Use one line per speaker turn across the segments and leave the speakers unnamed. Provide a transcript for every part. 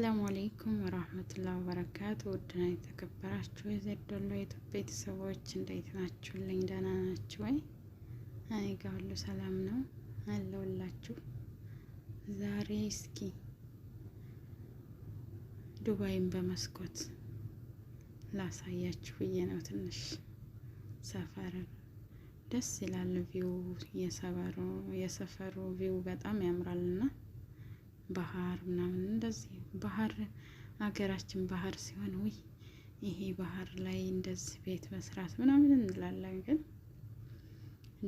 አሰላሙ አለይኩም ወራህመቱላሂ ወበረካቱ። ውድና የተከበራችሁ የዘዶሎ የኢትዮጵያ ቤተሰቦች እንዴት ናችሁልኝ? ደህና ናችሁ ወይ? እኔ ጋር ሁሉ ሰላም ነው አለውላችሁ ዛሬ እስኪ ዱባይን በመስኮት ላሳያችሁ ብዬ ነው። ትንሽ ሰፈር ደስ ይላል። ቪው የሰፈሩ ቪው በጣም ያምራልና ባህር ምናምን እንደዚህ ባህር አገራችን ባህር ሲሆን ውይ ይሄ ባህር ላይ እንደዚህ ቤት መስራት ምናምን እንላለን። ግን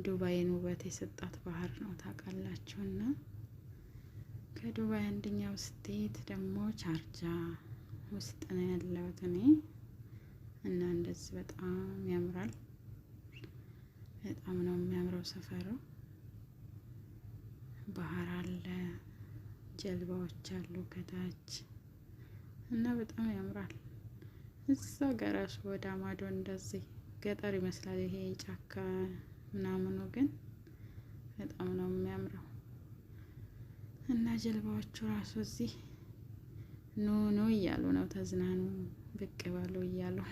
ዱባይን ውበት የሰጣት ባህር ነው ታውቃላችሁ። እና ከዱባይ አንደኛው ስቴት ደግሞ ቻርጃ ውስጥ ነው ያለሁት እኔ እና እንደዚህ በጣም ያምራል። በጣም ነው የሚያምረው ሰፈሩ። ባህር አለ ጀልባዎች አሉ ከታች እና በጣም ያምራል። እዛ ጋር ራሱ ወደ አማዶ እንደዚህ ገጠር ይመስላል ይሄ ጫካ ምናምኑ፣ ግን በጣም ነው የሚያምረው እና ጀልባዎቹ ራሱ እዚህ ኑ ኑ እያሉ ነው ተዝናኑ፣ ብቅ በሉ እያሉ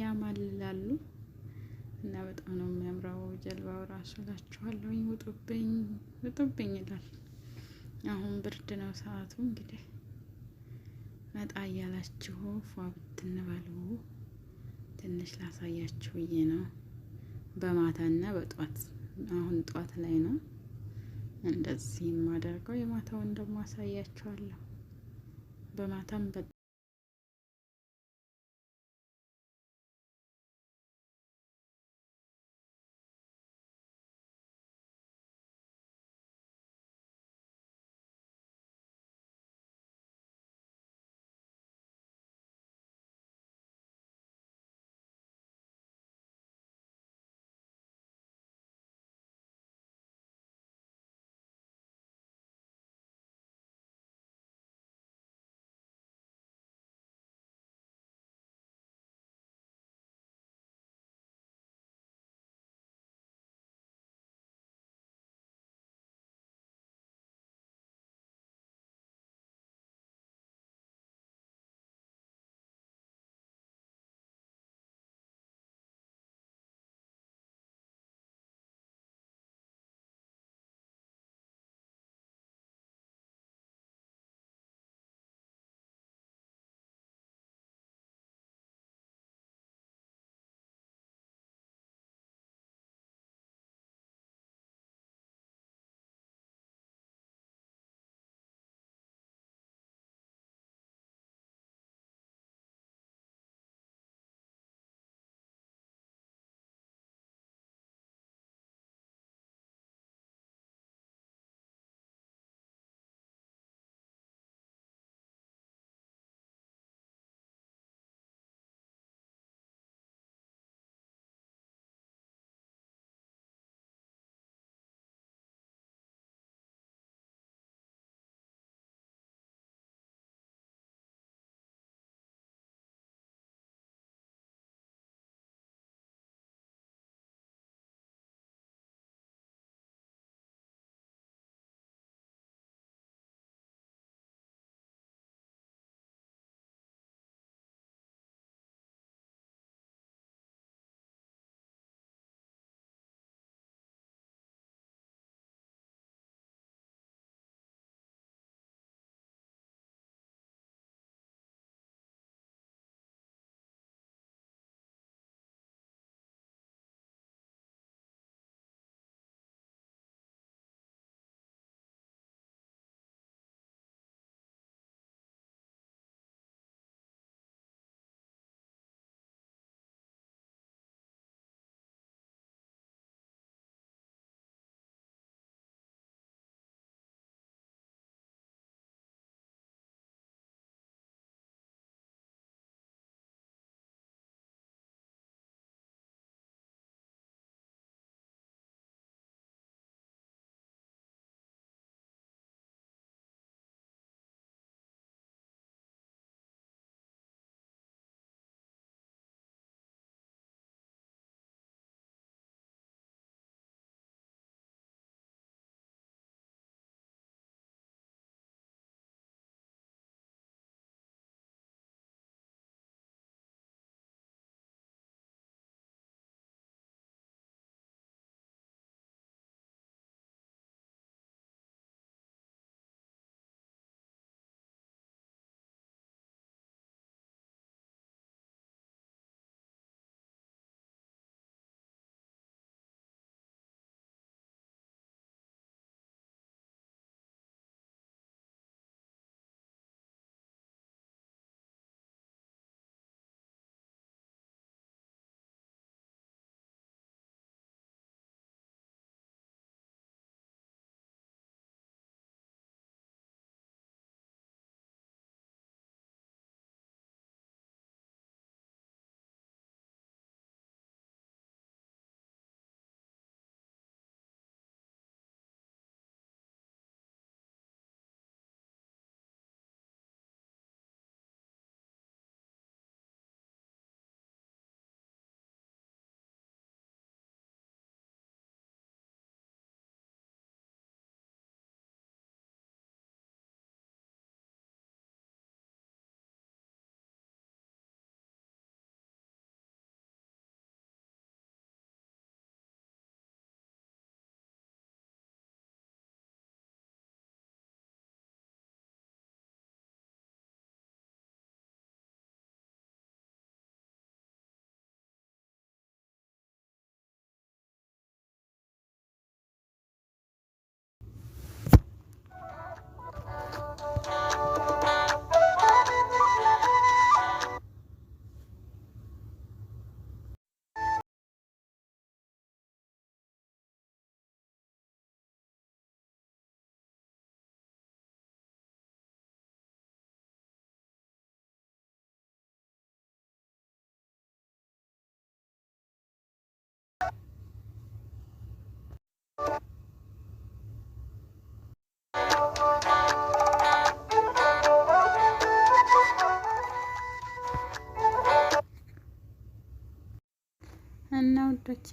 ያማልላሉ። እና በጣም ነው የሚያምረው ጀልባው ራሱ እላችኋለሁ። ውጡብኝ ውጡብኝ ይላል። አሁን ብርድ ነው ሰዓቱ። እንግዲህ መጣ እያላችሁ ፏ ብትንበሉ ትንሽ ላሳያችሁ ብዬ ነው። በማታና በጧት አሁን ጧት ላይ ነው እንደዚህ የማደርገው። የማታውን ደግሞ አሳያችኋለሁ። በማታም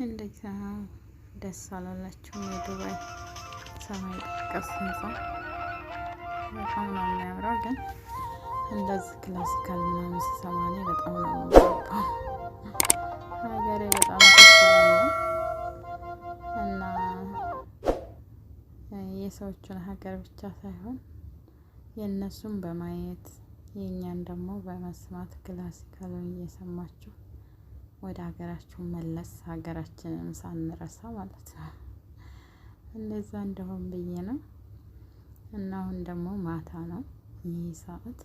እንደዛ ደስ አላላችሁም? የዱባይ ሰማይ ጠቀስ ህንፃ በጣም ነው የሚያምረው። ግን እንደዚህ ክላሲካል ምናምን ስሰማ እኔ በጣም ነው የሚወቀው ሀገሬ በጣም እና የሰዎቹን ሀገር ብቻ ሳይሆን የእነሱን በማየት የእኛን ደግሞ በመስማት ክላሲካሉን እየሰማችሁ ወደ ሀገራችሁ መለስ ሀገራችንን ሳንረሳ ማለት ነው። እንደዛ እንደሆን ብዬ ነው እና አሁን ደግሞ ማታ ነው ይህ ሰዓት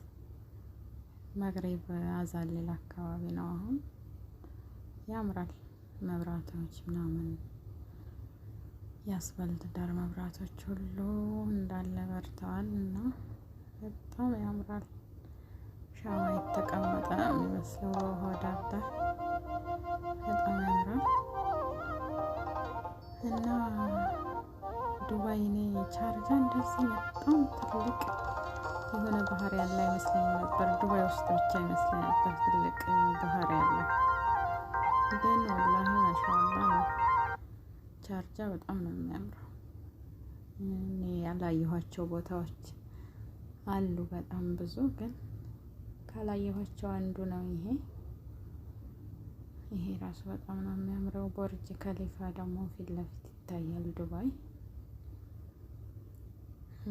መግሪብ አዛልል አካባቢ ነው። አሁን ያምራል። መብራቶች ምናምን የአስፋልት ዳር መብራቶች ሁሉ እንዳለ በርተዋል እና በጣም ያምራል። ሻማ የተቀመጠ ነው የሚመስለው። በውሃ ዳርዳር በጣም ያምራል እና ዱባይ እኔ ቻርጃ እንደዚህ በጣም ትልቅ የሆነ ባህር ያለ አይመስለኝ ነበር። ዱባይ ውስጥ ብቻ ይመስለኝ ነበር ትልቅ ባህር ያለ ግን ወላሂ ማሻላ ነው። ቻርጃ በጣም ነው የሚያምረው። እኔ ያላየኋቸው ቦታዎች አሉ በጣም ብዙ ግን ካላየኋቸው አንዱ ነው ይሄ። ይሄ ራሱ በጣም ነው የሚያምረው። ቦርጅ ከሊፋ ደግሞ ፊት ለፊት ይታያል ዱባይ።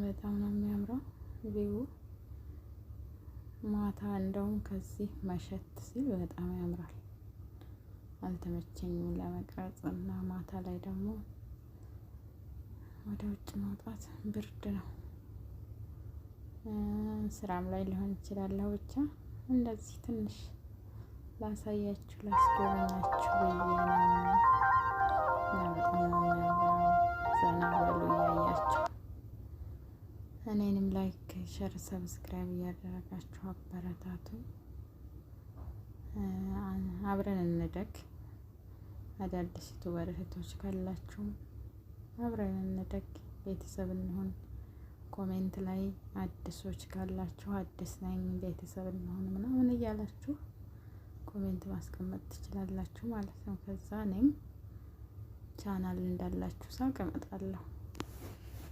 በጣም ነው የሚያምረው ቪው። ማታ እንደውም ከዚህ መሸት ሲል በጣም ያምራል። አልተመቸኝም ለመቅረጽ እና ማታ ላይ ደግሞ ወደ ውጭ መውጣት ብርድ ነው። ስራም ላይ ሊሆን ይችላል። ብቻ እንደዚህ ትንሽ ላሳያችሁ ላስጎበኛችሁ ዘና በሉ እያያችሁ እኔንም ላይክ፣ ሸር፣ ሰብስክራይብ እያደረጋችሁ አበረታቱ። አብረን እንደግ። አዳዲስ ዩቱበር እህቶች ካላችሁም አብረን እንደግ፣ ቤተሰብ እንሆን። ኮሜንት ላይ አዲሶች ካላችሁ አዲስ ነኝ ቤተሰብ እንሆን ምናምን እያላችሁ ኮሜንት ማስቀመጥ ትችላላችሁ ማለት ነው። ከዛ እኔም ቻናል እንዳላችሁ ሳቅ እመጣለሁ።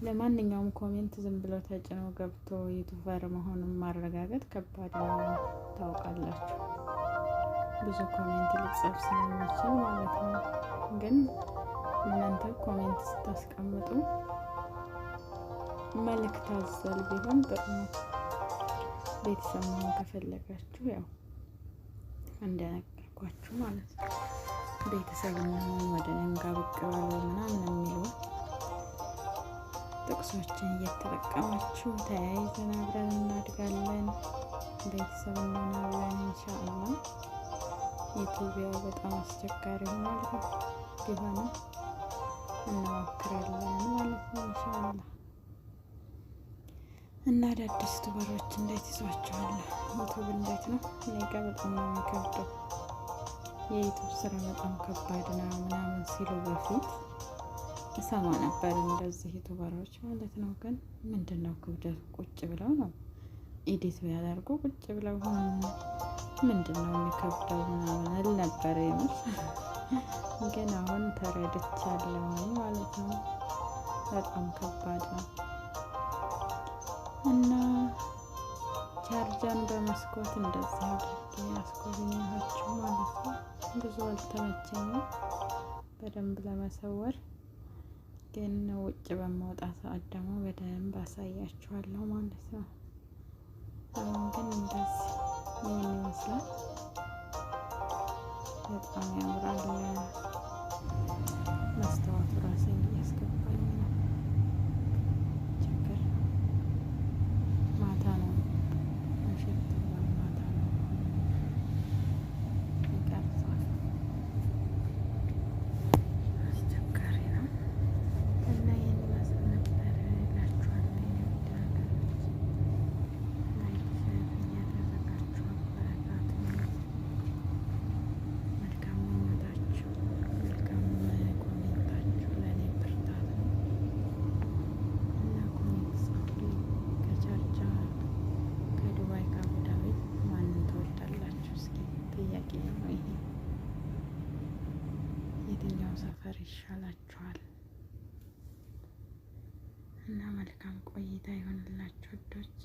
ለማንኛውም ኮሜንት ዝም ብሎ ተጭኖ ገብቶ ዩቱበር መሆኑን ማረጋገጥ ከባድ ታውቃላችሁ። ብዙ ኮሜንት ልጽፍ ስለሚችል ማለት ነው። ግን እናንተ ኮሜንት ስታስቀምጡ መልእክት አዘል ቢሆን ጥሩ ነው። ቤተሰብ መሆን ከፈለጋችሁ ያው እንደነገርኳችሁ ማለት ነው። ቤተሰብ መሆን ወደ እኔም ጋር ብቅ በሉ ምናምን የሚሉ ጥቅሶችን እየተጠቀማችሁ ተያይዘን አብረን እናድጋለን። ቤተሰብ እንሆናለን እንሻአላ። ኢትዮጵያው በጣም አስቸጋሪ ሆኗል፣ ቢሆንም እንሞክራለን ማለት ነው እንሻአላ እና አዳዲስ ቱበሮች እንዴት ይዟቸዋል? ዩቱብ እንዴት ነው? እኔ ጋ በጣም ነው የሚከብደው። የዩቱብ ስራ በጣም ከባድ ነው ምናምን ሲሉ በፊት እሰማ ነበር፣ እንደዚህ ቱበሮች ማለት ነው። ግን ምንድን ነው ክብደት? ቁጭ ብለው ነው ኤዲት ያደርጉ ቁጭ ብለው ምንድን ነው የሚከብደው ምናምን እል ነበር የምር። ግን አሁን ተረድቻለሁ ማለት ነው። በጣም ከባድ ነው። እና ቻርጃን በመስኮት እንደዚህ አድርጌ ያስጎብኘኋችሁ ማለት ነው። ብዙ አልተመቸኝም በደንብ ለመሰወር ግን ውጭ በማውጣት ሰዓት ደግሞ በደንብ አሳያችኋለሁ ማለት ነው። አሁን ግን እንደዚህ ይህን ይመስላል። በጣም ያምራል መስታወ ይሻላችኋል እና መልካም ቆይታ ይሆንላችሁ ወዶቼ፣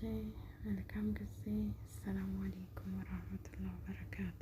መልካም ጊዜ። አሰላሙ አሌይኩም ወራህመቱላህ ወበረካቱ።